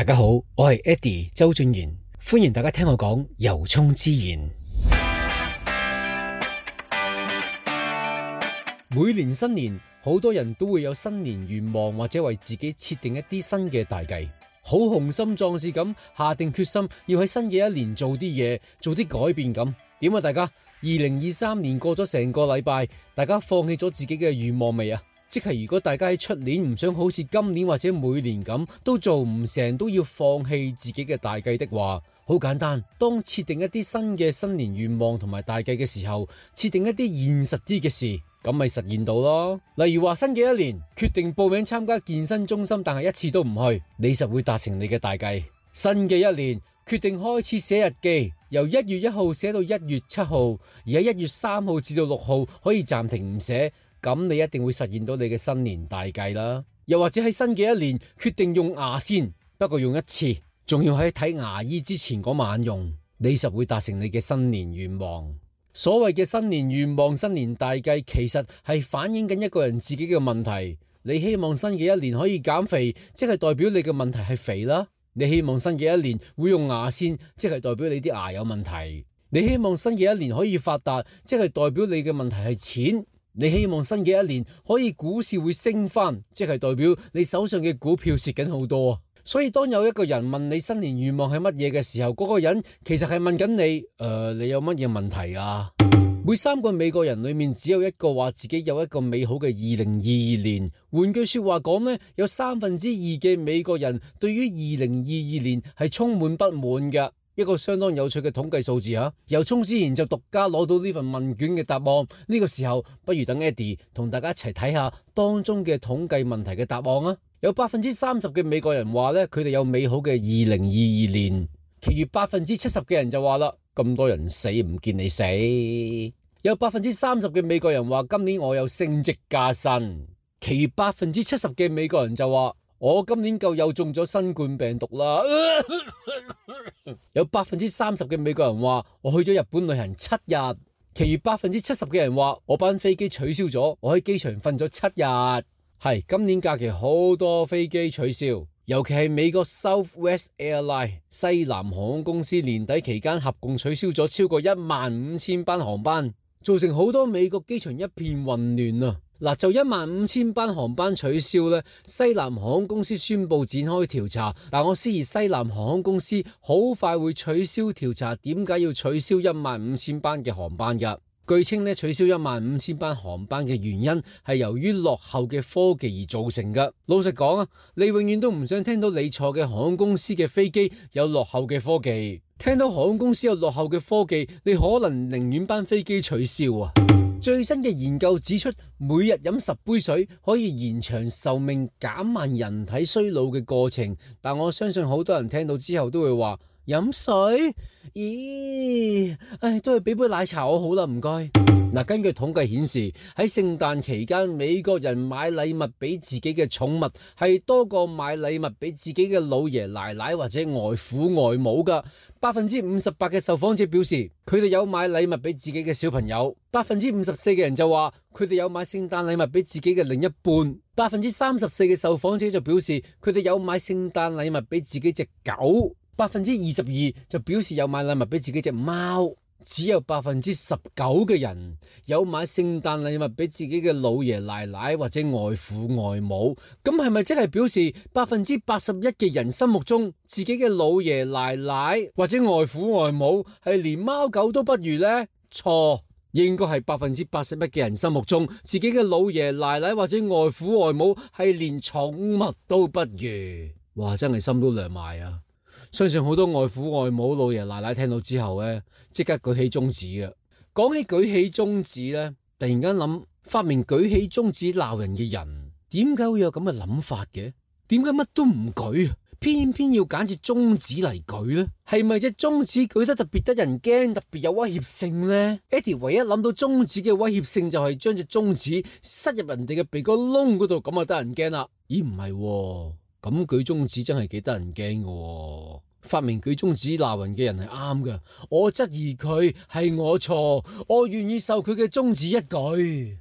大家好，我係 Eddie 周俊賢，歡迎大家聽我講由衷之言。每年新年，好多人都會有新年願望或者為自己設定一啲新嘅大計，好雄心壯志咁下定決心要喺新嘅一年做啲嘢，做啲改變咁。點啊，大家？二零二三年過咗成個禮拜，大家放棄咗自己嘅願望未啊？即係如果大家喺出年唔想好似今年或者每年咁都做唔成，都要放棄自己嘅大計的話，好簡單。當設定一啲新嘅新年願望同埋大計嘅時候，設定一啲現實啲嘅事，咁咪實現到咯。例如話新嘅一年，決定報名參加健身中心，但係一次都唔去，你就會達成你嘅大計。新嘅一年，決定開始寫日記，由一月一號寫到一月七號，而喺一月三號至到六號可以暫停唔寫。咁你一定會實現到你嘅新年大計啦。又或者喺新嘅一年決定用牙線，不過用一次，仲要喺睇牙醫之前嗰晚用，你實會達成你嘅新年願望。所謂嘅新年願望、新年大計，其實係反映緊一個人自己嘅問題。你希望新嘅一年可以減肥，即係代表你嘅問題係肥啦。你希望新嘅一年會用牙線，即係代表你啲牙有問題。你希望新嘅一年可以發達，即係代表你嘅問題係錢。你希望新嘅一年可以股市會升翻，即係代表你手上嘅股票蝕緊好多啊！所以當有一個人問你新年願望係乜嘢嘅時候，嗰個人其實係問緊你，誒、呃，你有乜嘢問題啊？每三個美國人裏面只有一個話自己有一個美好嘅二零二二年。換句說話講咧，有三分之二嘅美國人對於二零二二年係充滿不滿嘅。一個相當有趣嘅統計數字啊！由沖之然就獨家攞到呢份問卷嘅答案，呢個時候不如等 Eddie 同大家一齊睇下當中嘅統計問題嘅答案啊！有百分之三十嘅美國人話咧，佢哋有美好嘅二零二二年，其餘百分之七十嘅人就話啦，咁多人死唔見你死。有百分之三十嘅美國人話今年我有升職加薪，其餘百分之七十嘅美國人就話。我今年夠又中咗新冠病毒啦！ 有百分之三十嘅美國人話我去咗日本旅行七日，其餘百分之七十嘅人話我班飛機取消咗，我喺機場瞓咗七日。係今年假期好多飛機取消，尤其係美國 Southwest Airline 西南航空公司年底期間，合共取消咗超過一萬五千班航班，造成好多美國機場一片混亂啊！嗱，就一萬五千班航班取消咧，西南航空公司宣布展開調查。但我思疑西南航空公司好快會取消調查。點解要取消一萬五千班嘅航班噶？據稱咧，取消一萬五千班航班嘅原因係由於落後嘅科技而造成噶。老實講啊，你永遠都唔想聽到你坐嘅航空公司嘅飛機有落後嘅科技，聽到航空公司有落後嘅科技，你可能寧願班飛機取消啊。最新嘅研究指出，每日飲十杯水可以延長壽命、減慢人體衰老嘅過程。但我相信好多人聽到之後都會話：飲水？咦！唉，都係俾杯奶茶我好啦，唔該。根據統計顯示，喺聖誕期間，美國人買禮物俾自己嘅寵物係多過買禮物俾自己嘅老爺奶奶或者外父外母㗎。百分之五十八嘅受訪者表示，佢哋有買禮物俾自己嘅小朋友；百分之五十四嘅人就話，佢哋有買聖誕禮物俾自己嘅另一半；百分之三十四嘅受訪者就表示，佢哋有買聖誕禮物俾自己隻狗；百分之二十二就表示有買禮物俾自己隻貓。只有百分之十九嘅人有買聖誕禮物俾自己嘅老爺奶奶或者外父外母，咁係咪即係表示百分之八十一嘅人心目中自己嘅老爺奶奶或者外父外母係連貓狗都不如呢？錯，應該係百分之八十一嘅人心目中自己嘅老爺奶奶或者外父外母係連寵物都不如。哇，真係心都涼埋啊！相信好多外父外母、老爺奶奶聽到之後咧，即刻舉起中指嘅。講起舉起中指咧，突然間諗發明舉起中指鬧人嘅人，點解會有咁嘅諗法嘅？點解乜都唔舉啊？偏偏要揀隻中指嚟舉咧？係咪隻中指舉得特別得人驚，特別有威脅性咧？Eddie 唯一諗到中指嘅威脅性就係將隻中指塞入人哋嘅鼻哥窿嗰度，咁啊得人驚啦。咦？唔係喎，咁舉中指真係幾得人驚嘅喎。發明佢中指鬧人嘅人係啱嘅，我質疑佢係我錯，我願意受佢嘅中指一舉。